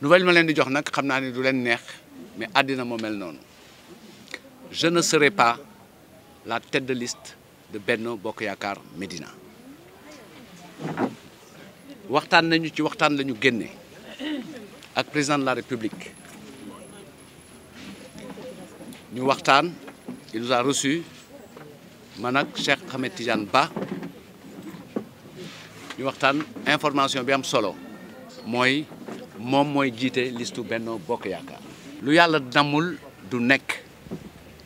nouvelle ma leen di jox nag xam naa ne du neex mais adina mo mel non je ne serai pas la tête de liste de Benno Bokk Yaakaar Medina. waxtan nañu ci waxtan lañu ñu ak président de la République ñu waxtan il nous a reçu man ak Cheikh Ahmed Tidiane Ba ñu waxtan information bi am solo moy moom mooy jiite listu Benno Bokk Yaakaar lu yàlla damul du nekk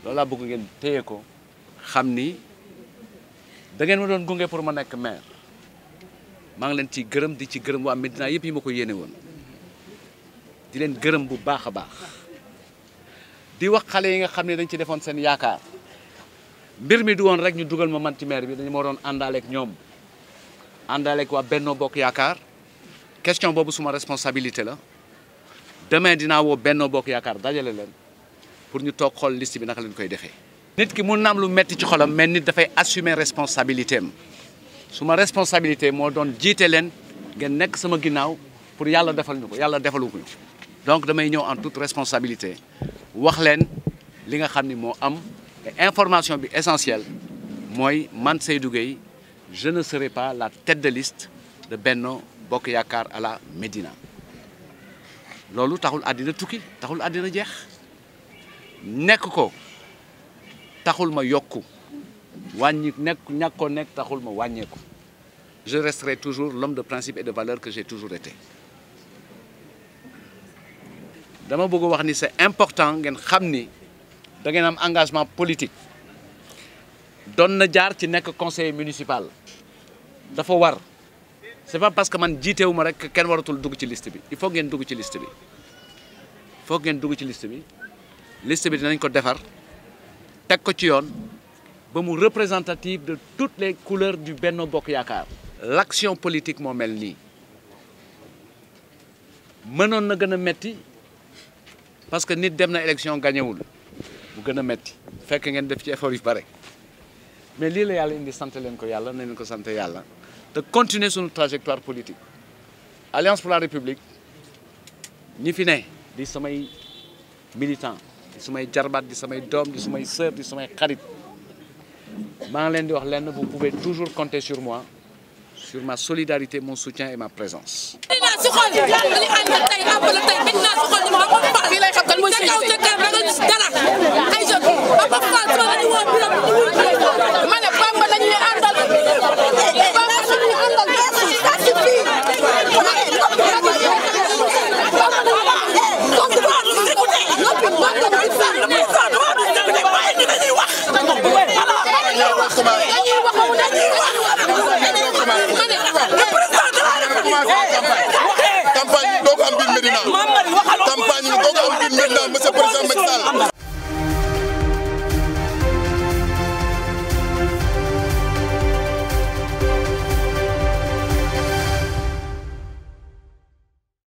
loolu laa bëgg ngeen téye ko xam ni dangeen ngeen ma doon gunge pour ma nekk maire maa ngi leen ci gërëm di ci gërëm waa Medina yëpp yi ma ko yéene woon di leen gërëm bu baax a baax di wax xale yi nga xam ne dañ ci defoon seen yaakaar mbir mi du woon rek ñu dugal ma man ci maire bi dañ moo doon àndaaleeg ñoom àndaaleeg waa Benno Bokk Yaakaar question boobu suma responsabilité là demain dina wo Benno Bokk yakar dajale len pour ñu tok xol liste bi naka lañ koy nit ki nam lu metti ci xolam mais nit fay assumer responsabilité am suma responsabilité mo don jité len ngeen nek sama ginnaw pour yalla defal ñu ko yàlla defalu donc damay ñëw en toute responsabilité wax len li nga xamni mo am information bi essentielle moy man Seydou je ne serai pas la tête de liste de Benno bok yakar ala medina lolou taxul adina tukki taxul adina jeex nek ko taxul ma yokku wàññi nek ñàkk nek taxul ma wàññeeku je resterai toujours l'homme de principe et de valeur que j'ai toujours été dama bëgg wax ni c'est important ngeen xamni da ngeen am engagement politique don na jaar ci nek conseil municipal dafa war c'est pas parce que man jiiteewu ma rek ken waratul dugg ci liste bi il faut ngeen dugg ci liste bi faut ngeen dugg ci liste bi liste bi dinañ ko défar tek ko ci yoon ba mu représentatif de toutes les couleurs du Benno Bokk l'action politique mo mel nii mënoon na gëna metti parce que nit dem na élection gañewul bu gëna metti fekk ngeen def ci effort yu bare mais lii la yàlla indi sante len ko yàlla na ko sante yàlla de continuer notre trajectoire politique alliance pour la république nous fi des di militants, militant di samay des di samay des di samay sœur di vous pouvez toujours compter sur moi sur ma solidarité mon soutien et ma présence ak ngeen daal monsieur président Macky Sall